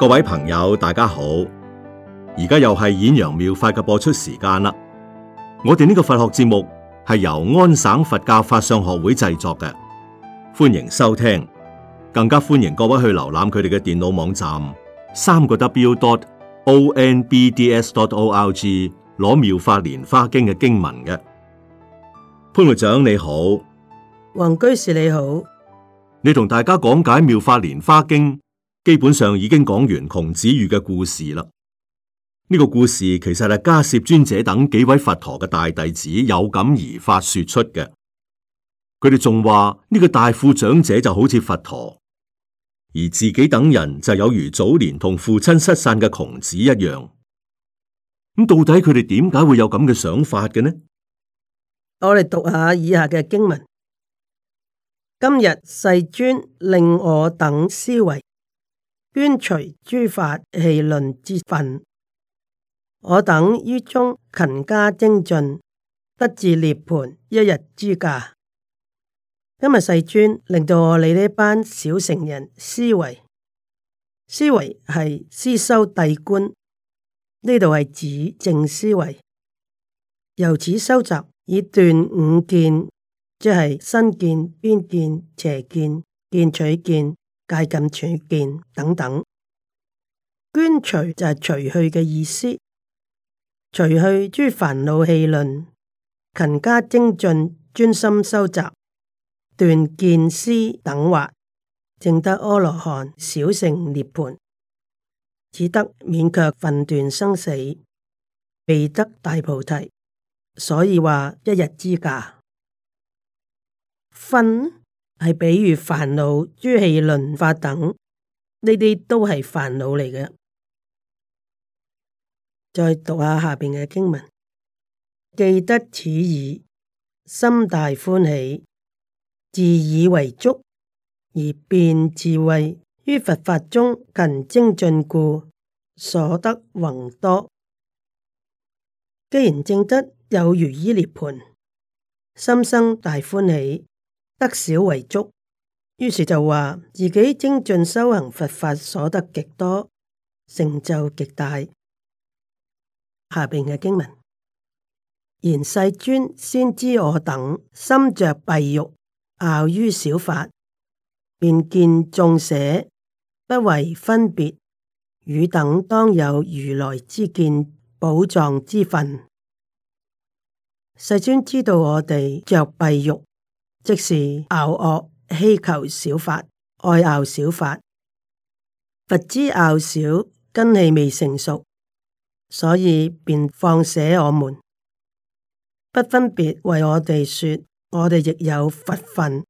各位朋友，大家好！而家又係演揚妙法嘅播出時間啦。我哋呢個佛學節目係由安省佛教法相學會製作嘅，歡迎收聽，更加歡迎各位去瀏覽佢哋嘅電腦網站三個 W dot O N B D S dot O L G 攞妙法蓮花經嘅經文嘅。潘會長你好，黃居士你好，你同大家講解妙法蓮花經。基本上已經講完窮子喻嘅故事啦。呢、呢個故事其實係迦葉尊者等幾位佛陀嘅大弟子有感而發說出嘅。佢哋仲話呢個大富長者就好似佛陀，而自己等人就有如早年同父親失散嘅窮子一樣。咁到底佢哋點解會有咁嘅想法嘅呢？我哋讀下以下嘅經文。今日世尊令我等思維。捐除諸法戲論之糞，我等於中勤加精進，得至涅盤一日之價。今日世尊令到我哋呢班小成人思維，思維係思修諦觀，呢度係指正思維，由此修習以斷五見，即係身見、邊見、邪見、見取見、戒禁取見等等，捐除就係除去嘅意思，除去諸煩惱氣論，勤加精進，專心修習、斷見思等惑，正得阿羅漢，小乘涅槃，只得勉強分段生死，未得大菩提。所以話一日之價。分。係，比如煩惱、諸氣輪法等，呢啲都係煩惱嚟嘅。再讀下下邊嘅經文，既得此已，心大歡喜，自以為足，而便自謂於佛法中勤精進故，所得弘多。既然證得，有餘依涅槃，心生大歡喜。得少為足，於是就話自己精進修行佛法所得極多，成就極大。下邊嘅經文：言世尊先知我等心着弊欲，樂於小法，便見縱捨不為分別，汝等當有如來知見，寶藏之分。世尊知道我哋着弊欲。即是傲惡希求小法，愛傲小法，佛知傲小根器未成熟，所以便放捨我們，不分別為我哋說，我哋亦有佛份，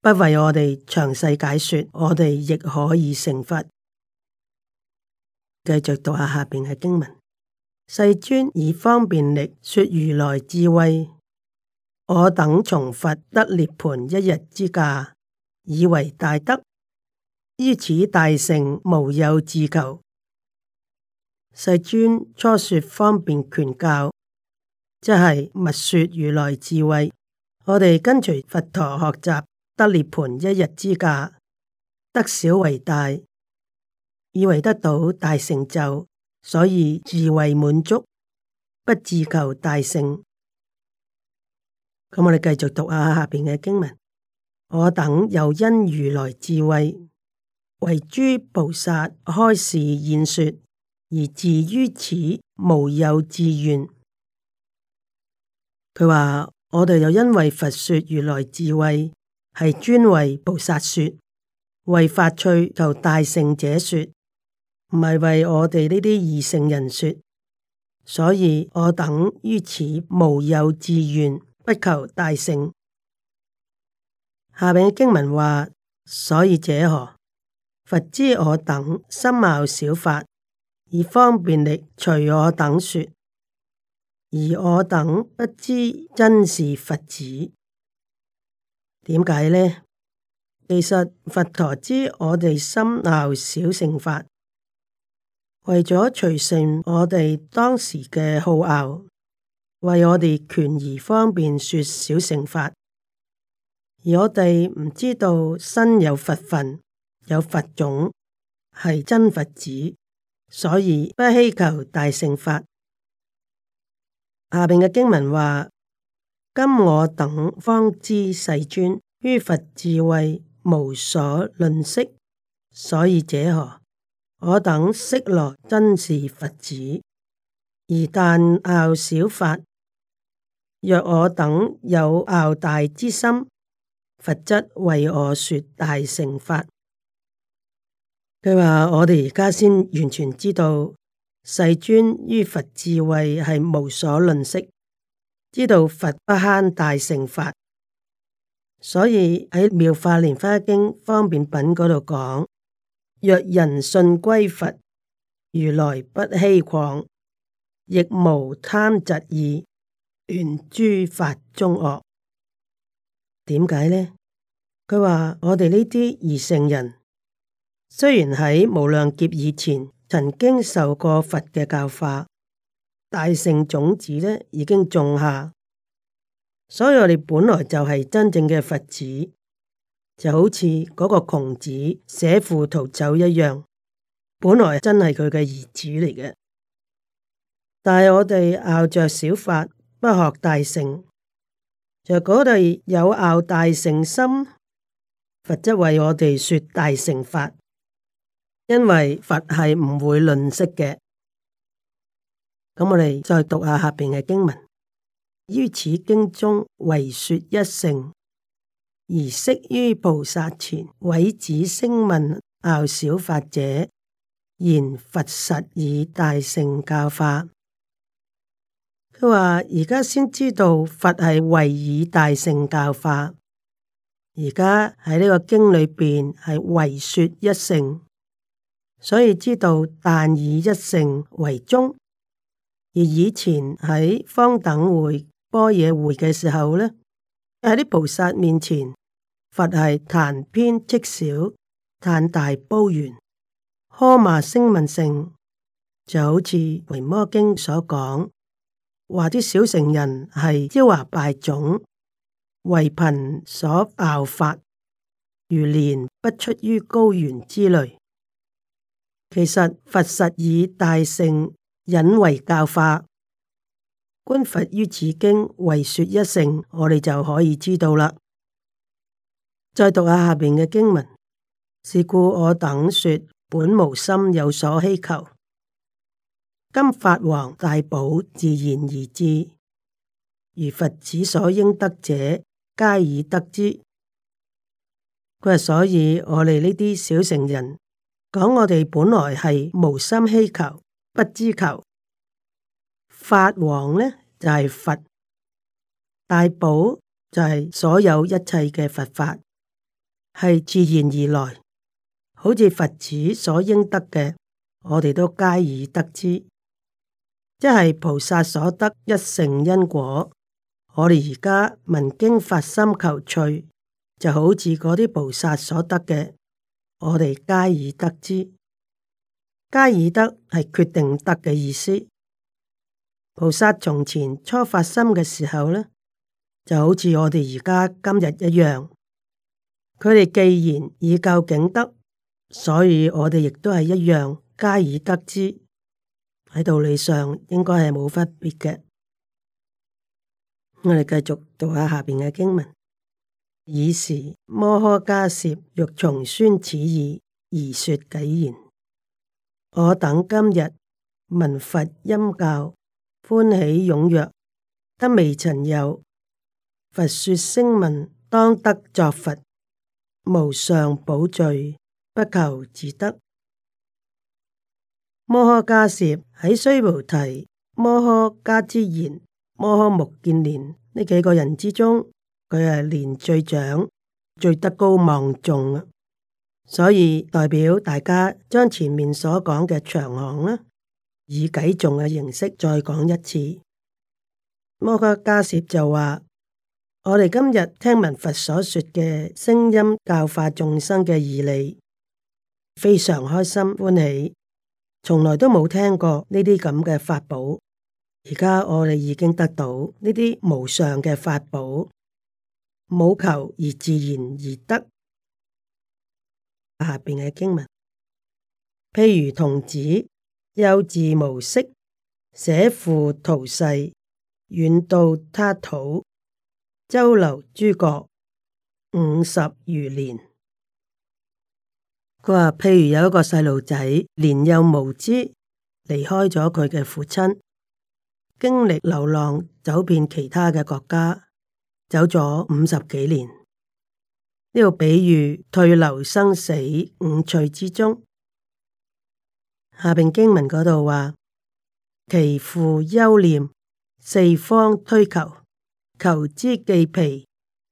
不為我哋詳細解說，我哋亦可以成佛。繼續讀下下邊嘅經文，世尊以方便力說如來智慧。我等從佛得涅盤一日之價，以為大德；於此大成，無有自求。世尊初說方便權教，即係密說如來智慧。我哋跟隨佛陀學習得涅盤一日之價，得小為大，以為得到大成就，所以自為滿足，不自求大成。咁我哋繼續讀下下邊嘅經文。我等又因如來智慧為諸菩薩開示演說，而自於此無有志願。佢話我哋又因為佛說如來智慧係專為菩薩說，為發趣求大乘者說，唔係為我哋呢啲二乘人說，所以我等於此無有志願。不求大乘，下面嘅經文話：所以者何？佛知我等心樂小法，以方便力隨我等說，而我等不知真是佛子。點解呢？其實佛陀知我哋心樂小乘法，為咗隨順我哋當時嘅好樂。為我哋權宜方便說小乘法，而我哋唔知道身有佛份，有佛種係真佛子，所以不希求大乘法。下邊嘅經文話：今我等方知世尊於佛智慧無所吝惜，所以者何？我等昔來真是佛子，而但樂小法。若我等有樂大之心，佛則為我說大乘法。佢話我哋而家先完全知道，世尊於佛智慧係無所吝惜，知道佛不慳大乘法，所以喺妙法蓮花經方便品嗰度講：若人信歸佛，如來不欺誑，亦無貪嫉意。原諸法中惡，點解呢？佢話我哋呢啲二乘人，雖然喺無量劫以前曾經受過佛嘅教化，大聖種子呢已經種下，所以我哋本來就係真正嘅佛子，就好似嗰個窮子捨父逃走一樣，本來真係佢嘅兒子嚟嘅，但係我哋拗着小法。不學大乘，在嗰度有拗大乘心，佛則為我哋說大乘法，因為佛係唔會吝嗇嘅。咁我哋再讀下下邊嘅經文。於此經中為說一乘，而釋於菩薩前，為子聲聞拗小法者，言佛實以大乘教化。佢話：而家先知道佛係唯以大乘教法，而家喺呢個經裏邊係唯説一乘，所以知道但以一乘為宗。而以前喺方等會、般若會嘅時候呢，喺啲菩薩面前，佛係談偏斥小，談大煲圓，呵罵聲聞乘，就好似《維摩經》所講。話啲小乘人係焦芽敗種，為貧所拗法，如蓮不出於高原之類。其實佛實以大乘引為教化，觀佛於此經為説一乘，我哋就可以知道啦。再讀下下邊嘅經文，是故我等説本無心有所希求。今法王大寶自然而至，而佛子所應得者，皆已得之。佢話所以我哋呢啲小乘人講，我哋本來係無心希求，不知求法王呢就係佛大寶，就係、是、所有一切嘅佛法係自然而然來，好似佛子所應得嘅，我哋都皆已得之。即係菩薩所得一乘因果，我哋而家聞經發心求趣，就好似嗰啲菩薩所得嘅，我哋皆已得知。皆已得係決定得嘅意思。菩薩從前初發心嘅時候呢，就好似我哋而家今日一樣，佢哋既然已究竟得，所以我哋亦都係一樣，皆已得知。喺道理上應該係冇分別嘅。我哋繼續讀下下邊嘅經文，爾時摩訶迦葉欲從宣此意而說偈言：我等今日聞佛音教，歡喜踊躍，得未曾有。佛說聲聞當得作佛，無上寶聚，不求自得。摩訶迦葉喺須菩提、摩訶迦旃延、摩訶目犍連呢幾個人之中，佢係年最長、最德高望重。所以代表大家將前面所講嘅長行啦，以偈頌嘅形式再講一次。摩訶迦葉就話：我哋今日聽聞佛所說嘅聲音教化眾生嘅義理，非常開心歡喜。從來都冇聽過呢啲咁嘅法寶，而家我哋已經得到呢啲無上嘅法寶，冇求而自然而得。下邊嘅經文，譬如童子，幼稚無識，捨父逃逝，遠到他土，周流諸國，五十餘年。佢話譬如有一個細路仔年幼無知，離開咗佢嘅父親，經歷流浪，走遍其他嘅國家，走咗五十幾年。呢個比喻退流生死五趣之中。下邊經文嗰度話，其父憂念四方推求，求之既疲，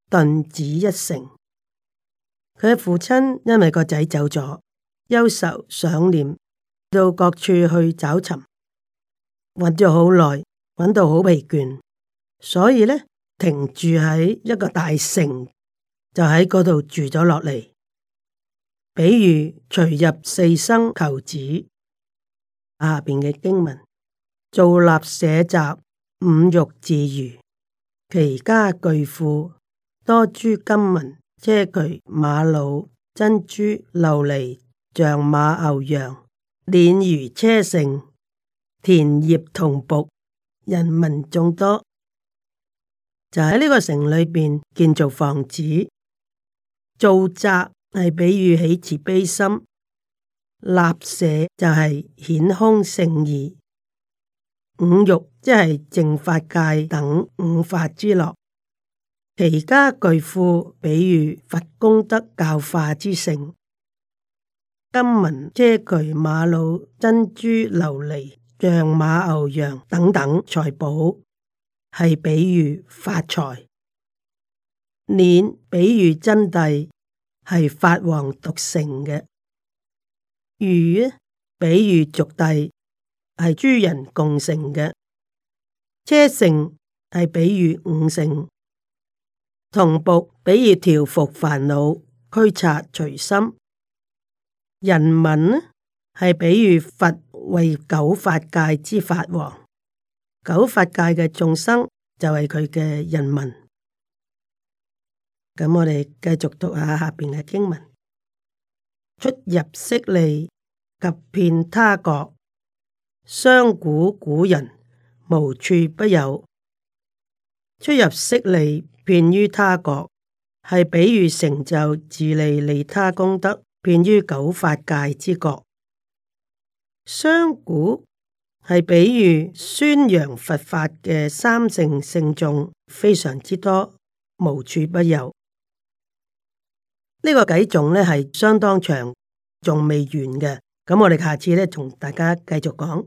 頓止一城。佢嘅父親因為個仔走咗，憂愁想念，到各處去找尋，揾咗好耐，揾到好疲倦，所以呢，停住喺一個大城，就喺嗰度住咗落嚟。比如隨入四生求子下邊嘅經文，造立舍宅，五欲自娛，其家巨富，多諸金文、車渠馬路珍珠琉璃、象馬牛羊，輦輿車乘，田業僮僕，人民眾多，就喺呢個城裏邊建造房子。造宅係比喻起慈悲心，立舍就係顯空聖義，五欲即係淨法界等五法之樂。其家巨富，比喻佛功德教化之聖。金文車渠瑪瑙珍珠琉璃象馬牛羊等等財寶，係比喻法財。念比喻真諦，係法王獨成嘅；如比喻俗諦，係諸人共成嘅。車乘係比喻五乘。同步比喻調伏煩惱、驅察隨心；人民呢，係比喻佛為九法界之法王，九法界嘅眾生就係佢嘅人民。咁我哋繼續讀下下邊嘅經文：出入息利及遍他國，商古古人無處不有，出入息利。遍於他國，係比喻成就自利利他功德，遍於九法界之國，商故係比喻宣揚佛法嘅三乘聖眾非常之多，無處不有。呢、這個偈頌呢，係相當長，仲未完嘅，咁我哋下次呢，同大家繼續講。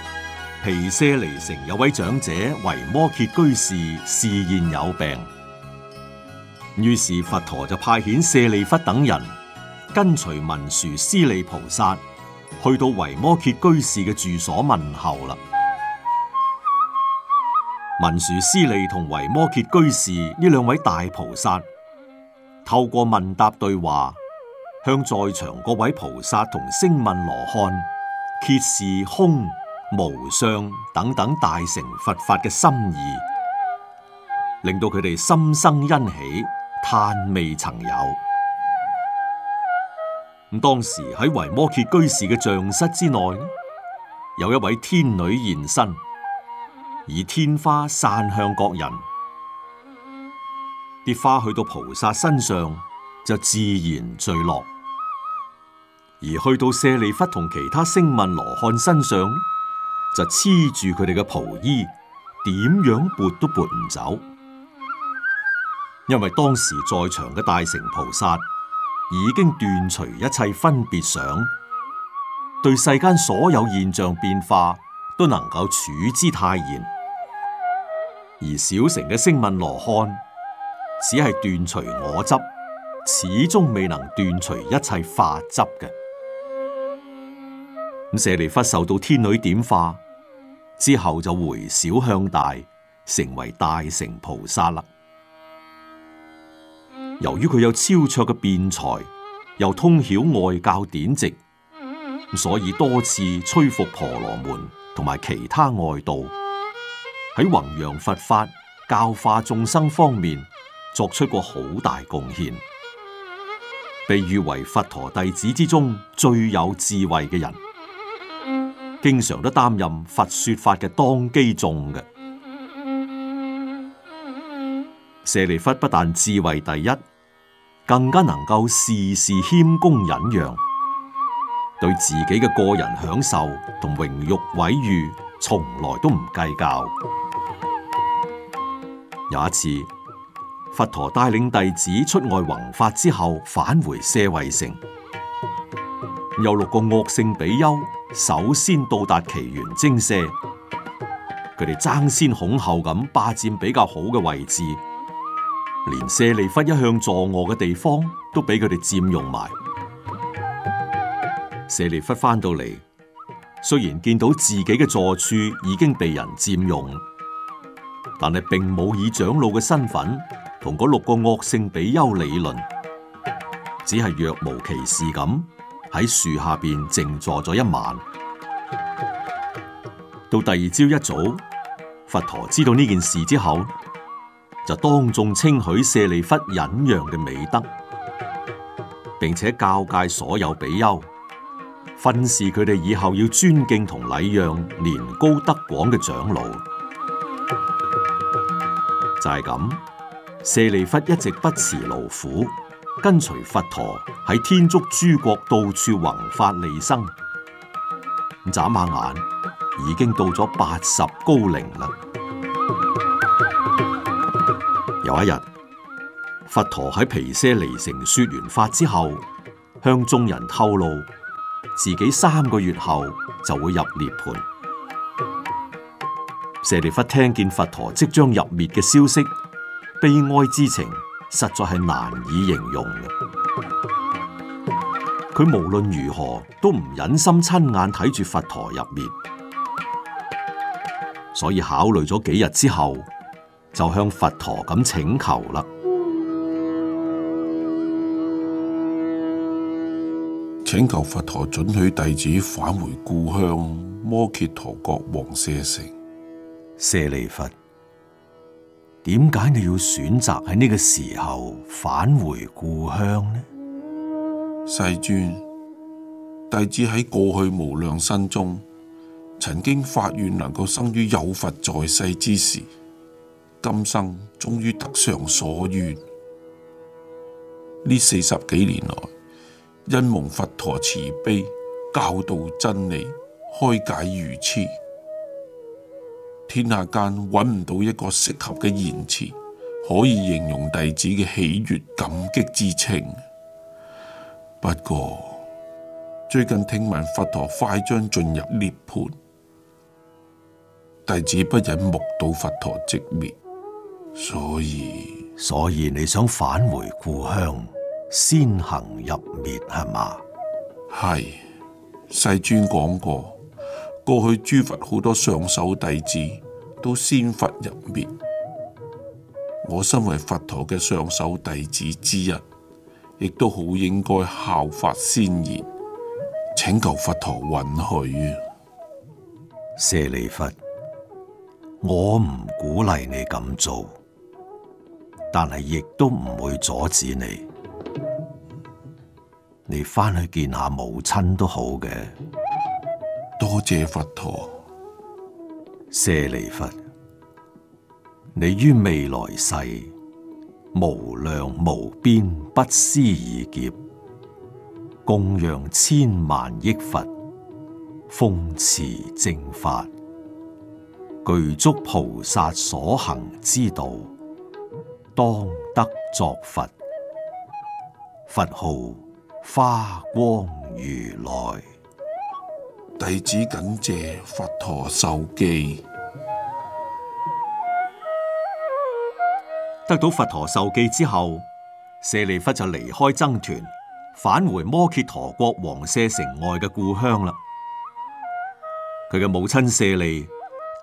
皮舍離城有位長者維摩詰居士，示現有病。於是佛陀就派遣舍利弗等人跟隨文殊師利菩薩，去到維摩詰居士嘅住所問候啦。文殊師利同維摩詰居士呢兩位大菩薩，透過問答對話，向在場各位菩薩同聲聞羅漢揭示空、無相等等大乘佛法嘅心意，令到佢哋心生欣喜，嘆未曾有。咁當時喺維摩詰居士嘅丈室之內，有一位天女現身，以天花散向各人，啲花去到菩薩身上就自然墜落，而去到舍利弗同其他聲聞羅漢身上。就黐住佢哋嘅蒲衣，點樣撥都撥唔走，因為當時在場嘅大乘菩薩已經斷除一切分別想，對世間所有現象變化都能夠處之泰然，而小乘嘅聲聞羅漢只係斷除我執，始終未能斷除一切法執嘅。咁舍利弗受到天女點化之後，就回小向大，成為大乘菩薩啦。由於佢有超卓嘅辯才，又通曉外教典籍，所以多次催服婆羅門同埋其他外道喺弘揚佛法、教化眾生方面作出過好大貢獻，被譽為佛陀弟子之中最有智慧嘅人。經常都擔任佛說法嘅當機眾嘅，舍利弗不但智慧第一，更加能夠事事謙恭忍讓，對自己嘅個人享受同榮辱毀譽，從來都唔計較。有一次，佛陀帶領弟子出外弘法之後，返回舍衛城。有六個惡性比丘首先到達祇園精舍，佢哋爭先恐後咁霸占比較好嘅位置，連舍利弗一向坐臥嘅地方都俾佢哋占用埋。舍利弗返到嚟，雖然見到自己嘅坐處已經被人占用，但係並冇以長老嘅身份同嗰六個惡性比丘理論，只係若無其事咁。喺樹下面靜坐咗一晚，到第二朝一早，佛陀知道呢件事之後，就當眾稱許舍利弗忍讓嘅美德，並且教戒所有比丘，訓示佢哋以後要尊敬同禮讓年高德廣嘅長老。就係、是、咁，舍利弗一直不辭勞苦。跟隨佛陀喺天竺諸國到處弘法利生，眨下眼已經到咗八十高齡啦。有一日，佛陀喺皮舍離城說完法之後，向眾人透露自己三個月後就會入涅槃。舍利弗聽見佛陀即將入滅嘅消息，悲哀之情。實在係難以形容，佢無論如何都唔忍心親眼睇住佛陀入滅，所以考慮咗幾日之後，就向佛陀咁請求啦。請求佛陀准許弟子返回故鄉摩揭陀國王舍城。舍利弗，點解你要選擇喺呢個時候返回故鄉呢？世尊，弟子喺過去無量身中，曾經發願能夠生於有佛在世之時，今生終於得償所願。呢四十幾年來，因蒙佛陀慈悲，教導真理，開解愚痴。天下間揾唔到一個適合嘅言辭，可以形容弟子嘅喜悅感激之情。不過最近聽聞佛陀快將進入涅槃，弟子不忍目睹佛陀寂滅，所以所以你想返回故鄉，先行入滅係咪？係，世尊講過。過去諸佛好多上首弟子都先佛入滅，我身為佛陀嘅上首弟子之一，亦都好應該效法先賢，請求佛陀允許。舍利弗，我唔鼓勵你咁做，但係亦都唔會阻止你。你翻去見下母親都好嘅。多謝佛陀，舍利弗，你於未來世，無量無邊不思而劫，供養千萬億佛，奉持正法，具足菩薩所行之道，當得作佛，佛號花光如來。弟子感謝佛陀授記，得到佛陀授記之後，舍利弗就離開僧團，返回摩揭陀國王舍城外嘅故鄉啦。佢嘅母親舍利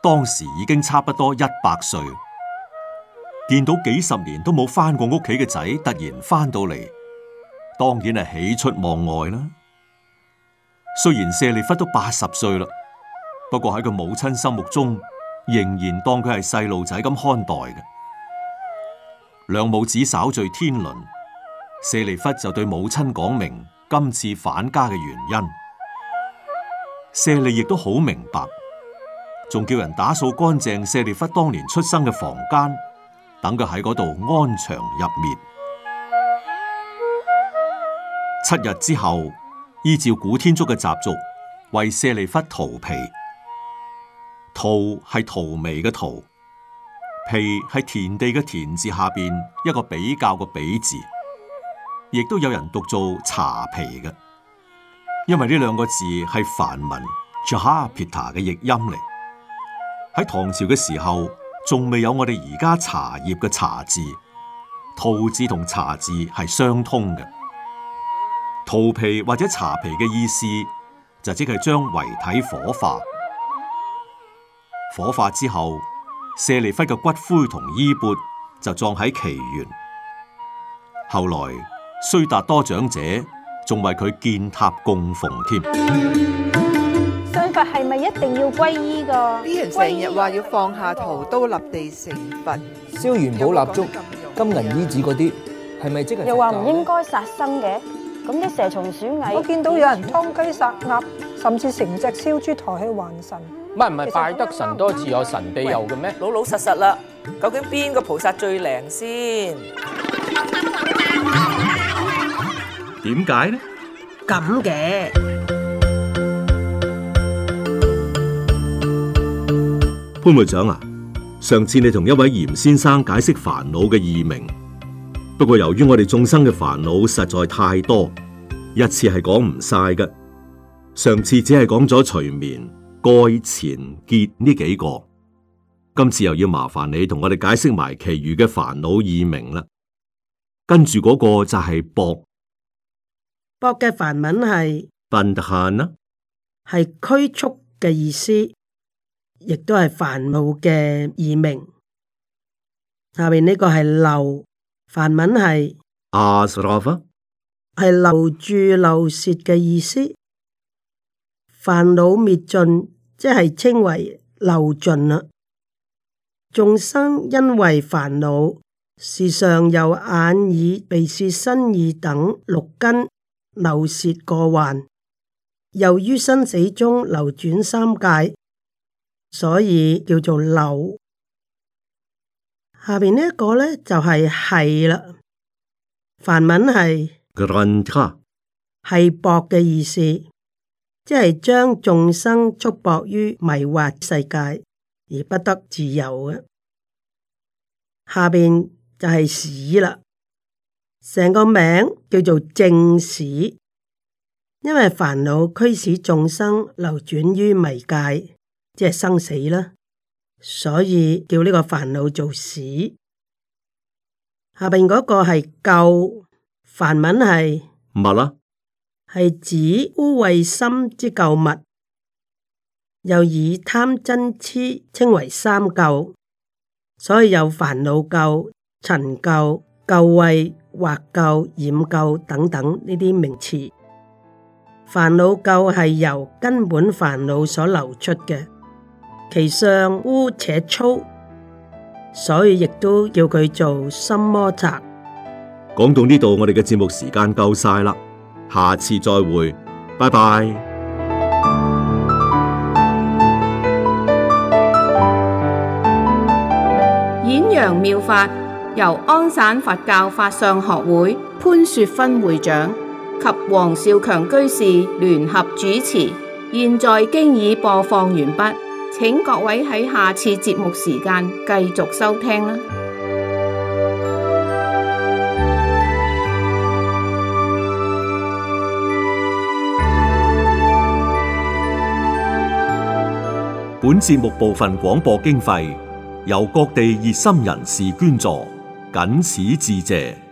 當時已經差不多一百歲，見到幾十年都冇翻過屋企嘅仔突然翻到嚟，當然係喜出望外啦。雖然舍利弗都八十歲啦，不過喺佢母親心目中，仍然當佢係細路仔咁看待嘅。兩母子稍聚天倫，舍利弗就對母親講明今次返家嘅原因。舍利亦都好明白，仲叫人打掃乾淨舍利弗當年出生嘅房間，等佢喺嗰度安詳入滅。七日之後，依照古天竺嘅習俗，為舍利弗荼毗，荼係荼眉嘅荼，毗係田地嘅田字下邊一個比較嘅比字，亦都有人讀做茶毗嘅，因為呢兩個字係梵文 jhāpita 嘅譯音嚟。喺唐朝嘅時候，仲未有我哋而家茶葉嘅茶字，荼字同茶字係相通嘅。荼毘或者茶毘嘅意思，就即係將遺體火化。火化之後，舍利弗嘅骨灰同衣缽就葬喺祇園。後來，須達多長者仲為佢建塔供奉添。信佛係咪一定要皈依噶？呢啲人成日話要放下屠刀立地成佛，燒元寶蠟燭、金銀衣紙嗰啲，係咪即係？又話唔應該殺生嘅？咁啲蛇蟲鼠蟻，我見到有人劏雞殺鴨，甚至成隻燒豬抬去還神。唔係唔係，拜得神多自有神庇佑嘅咩？老老實實啦，究竟邊個菩薩最靈先？點解呢？咁嘅潘會長啊，上次你同一位嚴先生解釋煩惱嘅異名。不過由於我哋眾生嘅煩惱實在太多，一次係講唔晒㗎。上次只係講咗隨眠、蓋、前結呢幾個，今次又要麻煩你同我哋解釋埋其餘嘅煩惱異名啦。跟住嗰個就係縛，縛嘅梵文係 bandhana 啦，係拘束嘅意思，亦都係煩惱嘅異名。下面呢個係漏。梵文係阿斯羅夫，係流注流泄嘅意思。煩惱滅盡，即係稱為流盡啦。眾生因為煩惱，時常由眼耳鼻舌身意等六根流泄過患，由於生死中流轉三界，所以叫做流。下邊呢一個咧就係係啦，梵文係，係薄嘅意思，即係將眾生束縛於迷惑世界而不得自由嘅。下邊就係、是、使啦，成個名叫做正使，因為煩惱驅使眾生流轉於迷界，即係生死啦。所以叫呢個煩惱做屎。下邊嗰個係垢，梵文係物啦，係指污穢心之垢物，又以貪、瞋、痴稱為三垢，所以有煩惱垢、塵垢、垢穢或垢染垢等等呢啲名詞。煩惱垢係由根本煩惱所流出嘅。其上烏且粗，所以亦都叫佢做心魔賊。講到呢度，我哋嘅節目時間夠曬啦，下次再會，拜拜。 演揚妙法，由安省佛教法相學會潘雪芬會長及黃少強居士聯合主持，現在經已播放完畢。請各位喺下次節目時間繼續收聽啦。本節目部分廣播經費由各地熱心人士捐助，謹此致謝。